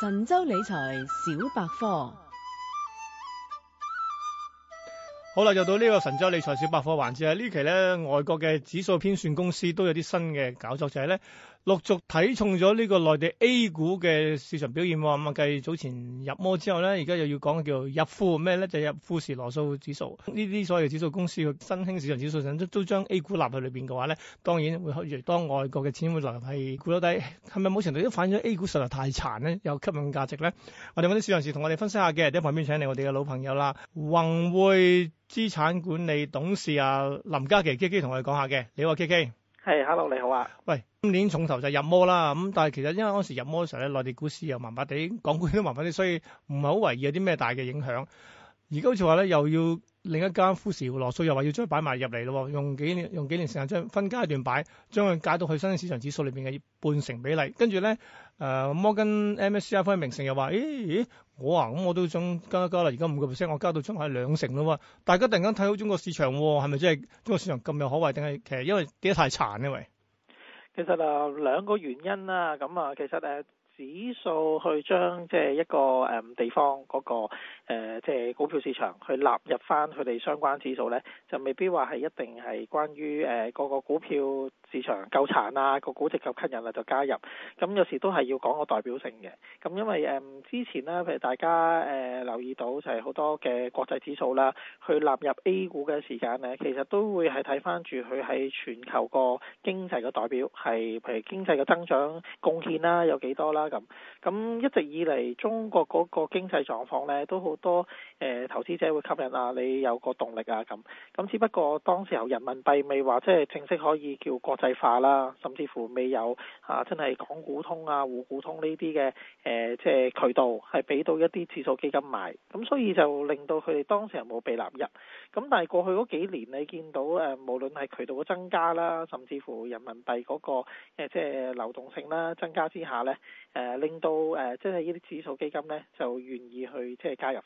神州理財小百科，好啦，又到呢個神州理財小百科環節啦。期呢期咧，外國嘅指數編算公司都有啲新嘅搞作就係，就咧。陸續睇重咗呢個內地 A 股嘅市場表現，咁啊繼早前入摩之後咧，而家又要講嘅叫入富咩咧？就係入富時羅素指數呢啲所謂指數公司嘅新興市場指數，都都將 A 股納去裏邊嘅話咧，當然會越嚟越多外國嘅錢會流入係股到底，係咪某程度都反映咗 A 股實在太殘咧，有吸引價值咧？我哋揾啲市場時同我哋分析一下嘅，喺旁邊請嚟我哋嘅老朋友啦，宏匯資產管理董事啊，林嘉麒 KK 同我哋講下嘅，你好 K K。係，hello，你好啊。喂，今年重頭就入摩啦，咁但係其實因為嗰時入摩嗰時候咧，內地股市又麻麻地，港股都麻麻地，所以唔係好懷疑有啲咩大嘅影響。而家好似話呢又要。另一間富時羅素又話要將佢擺埋入嚟咯，用幾年用幾年時間將分階段擺，將佢解到去新興市場指數裏邊嘅半成比例。跟住咧，誒摩根 MSCI 分明成又話，咦、哎、咦，我啊，咁我都想加一加啦，而家五個 percent，我加到將係兩成咯。大家突然間睇好中國市場，係咪真係中國市場咁有可為？定係其實因為跌得太慘咧？喂，其實啊兩個原因啦。咁啊，其實誒指數去將即係一個誒地方嗰、那個。誒，即係、呃就是、股票市場去納入翻佢哋相關指數呢，就未必話係一定係關於誒、呃、個個股票市場夠殘啊，個估值夠吸引啦就加入。咁有時都係要講個代表性嘅。咁因為誒、呃、之前呢，譬如大家誒、呃、留意到就係好多嘅國際指數啦，去納入 A 股嘅時間呢，其實都會係睇翻住佢喺全球個經濟嘅代表，係譬如經濟嘅增長貢獻啦，有幾多啦咁。咁一直以嚟中國嗰個經濟狀況呢，都好。好多、呃、投資者會吸引啊，你有個動力啊咁。咁只不過當時候人民幣未話即係正式可以叫國際化啦，甚至乎未有啊真係港股通啊、滬股通呢啲嘅即係渠道係俾到一啲指數基金買，咁所以就令到佢哋當時又冇被納入。咁但係過去嗰幾年你見到誒、呃、無論係渠道嘅增加啦，甚至乎人民幣嗰、嗰個、呃、即係流動性啦增加之下呢，呃、令到、呃、即係呢啲指數基金呢，就願意去即係加入。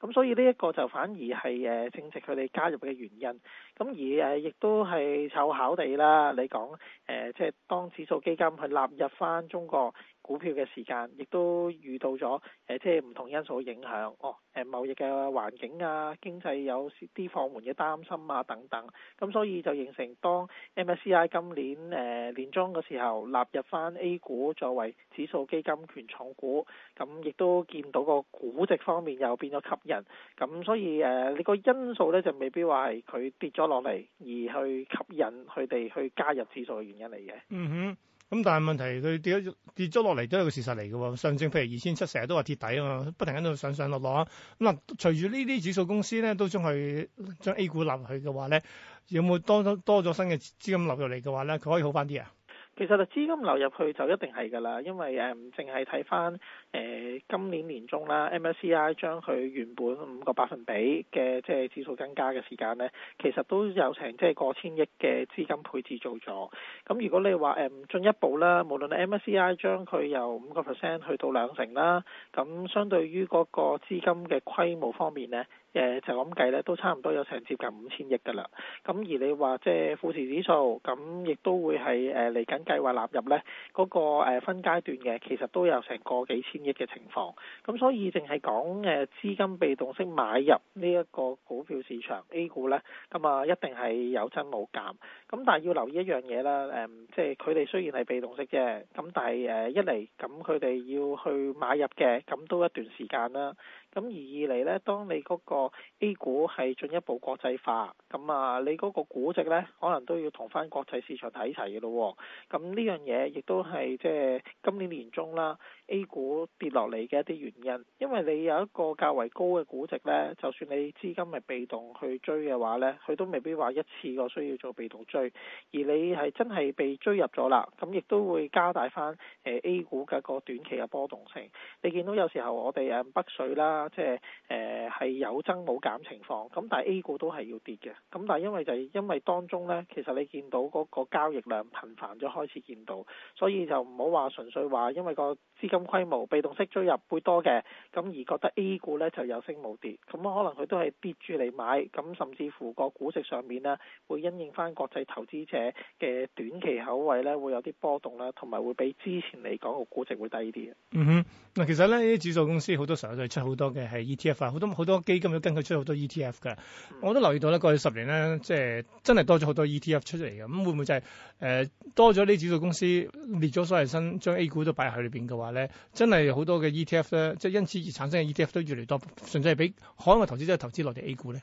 咁所以呢一個就反而係誒正值佢哋加入嘅原因，咁而誒亦都係湊巧地啦，你講誒即係當指數基金去納入翻中國。股票嘅時間，亦都遇到咗誒，即係唔同因素影響，哦，誒貿易嘅環境啊，經濟有啲放緩嘅擔心啊，等等，咁所以就形成當 MSCI 今年誒、呃、年中嘅時候納入翻 A 股作為指數基金權重股，咁亦都見到個估值方面又變咗吸引，咁所以誒、呃、你個因素咧就未必話係佢跌咗落嚟而去吸引佢哋去加入指數嘅原因嚟嘅。嗯哼。咁但係問題，佢跌咗跌咗落嚟都係個事實嚟嘅喎，上證譬如二千七成日都話跌底啊嘛，不停喺度上上落落啊。咁嗱，隨住呢啲指數公司咧都將佢將 A 股納入去嘅話咧，有冇多多咗新嘅資金流入嚟嘅話咧，佢可以好翻啲啊？其實就資金流入去就一定係㗎啦，因為誒淨係睇返誒今年年中啦，MSCI 將佢原本五個百分比嘅即係指數增加嘅時間呢，其實都有成即係過千億嘅資金配置做咗。咁如果你話誒進一步啦，無論 MSCI 將佢由五個 percent 去到兩成啦，咁相對於嗰個資金嘅規模方面呢。誒就咁計咧，都差唔多有成接近五千億噶啦。咁而你話即係富時指數，咁亦都會係誒嚟緊計劃納入呢嗰個誒分階段嘅，其實都有成個幾千億嘅情況。咁所以淨係講誒資金被動式買入呢一個股票市場 A 股呢，咁啊一定係有增冇減。咁但係要留意一樣嘢啦，誒即係佢哋雖然係被動式嘅，咁但係誒一嚟咁佢哋要去買入嘅，咁都一段時間啦。咁而二嚟呢，當你嗰個 A 股係進一步國際化，咁啊，你嗰個估值呢，可能都要同翻國際市場睇齊嘅咯喎。咁呢樣嘢亦都係即係今年年中啦，A 股跌落嚟嘅一啲原因，因為你有一個較為高嘅估值呢，嗯、就算你資金咪被動去追嘅話呢，佢都未必話一次過需要做被動追。而你係真係被追入咗啦，咁亦都會加大翻 A 股嘅個短期嘅波動性。你見到有時候我哋誒北水啦～即係誒係有增冇減情況咁但係 A 股都係要跌嘅，咁但係因為就係因為當中呢，其實你見到嗰個交易量頻繁咗開始見到，所以就唔好話純粹話因為個資金規模被動式追入會多嘅，咁而覺得 A 股呢就有升冇跌，咁可能佢都係逼住你買，咁甚至乎個估值上面呢，會因應翻國際投資者嘅短期口位呢，會有啲波動啦，同埋會比之前嚟講個估值會低啲嘅。嗯哼，嗱其實呢啲指數公司好多時候都係出好多。嘅係 ETF 啊，好多好多基金都跟佢出好多 ETF 嘅，我都留意到咧，過去十年咧，即係真係多咗好多 ETF 出嚟嘅，咁會唔會就係誒多咗呢幾個指數公司列咗所謂新將 A 股都擺入去裏邊嘅話咧，真係好多嘅 ETF 咧，即係因此而產生嘅 ETF 都越嚟越多，純粹係俾海外投資者投資內地 A 股咧？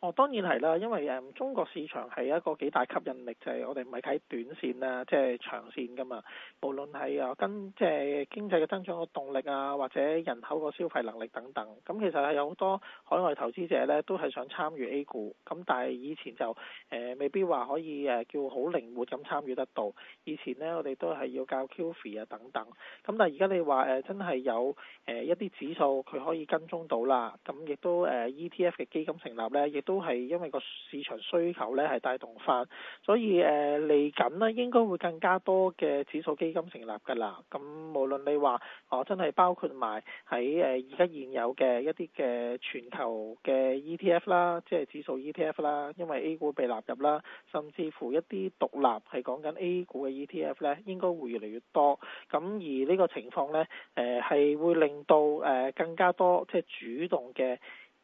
哦，當然係啦，因為、嗯、中國市場係一個幾大吸引力，就係、是、我哋唔係睇短線啊，即、就、係、是、長線㗎嘛。無論係啊跟即係經濟嘅增長個動力啊，或者人口個消費能力等等，咁其實係有好多海外投資者呢都係想參與 A 股，咁但係以前就、呃、未必話可以叫好靈活咁參與得到。以前呢，我哋都係要教 QF 啊等等，咁但係而家你話、呃、真係有一啲指數佢可以跟蹤到啦，咁亦都、呃、ETF 嘅基金成立呢。亦。都係因為個市場需求呢係帶動翻，所以誒嚟緊呢應該會更加多嘅指數基金成立㗎啦。咁無論你話哦，真係包括埋喺誒而家現有嘅一啲嘅全球嘅 ETF 啦，即係指數 ETF 啦，因為 A 股被納入啦，甚至乎一啲獨立係講緊 A 股嘅 ETF 呢，應該會越嚟越多。咁而呢個情況呢，誒、呃、係會令到誒、呃、更加多即係主動嘅。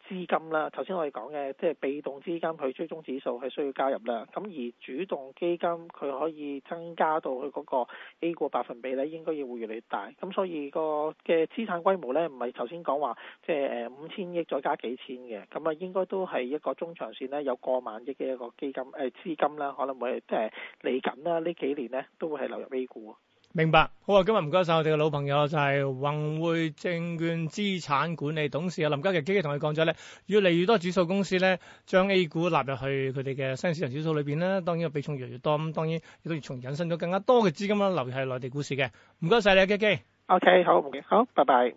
資金啦，頭先我哋講嘅即係被動資金去追蹤指數係需要加入啦。咁而主動基金佢可以增加到佢嗰個 A 股百分比呢，應該要會越嚟越大。咁所以個嘅資產規模呢，唔係頭先講話即係五千億再加幾千嘅，咁啊應該都係一個中長線呢，有過萬億嘅一個基金誒資金啦，可能會即係嚟緊啦呢幾年呢，都會係流入 A 股。明白，好啊！今日唔該晒我哋嘅老朋友，就係宏匯證券資產管理董事啊林嘉麒。麒麒同佢講咗咧，越嚟越多指數公司咧將 A 股納入去佢哋嘅新興市場指數裏邊咧，當然比重越嚟越多，咁當然亦都從引申咗更加多嘅資金啦流入係內地股市嘅。唔該晒你啊麒麒，O K，好，okay, 好，拜拜。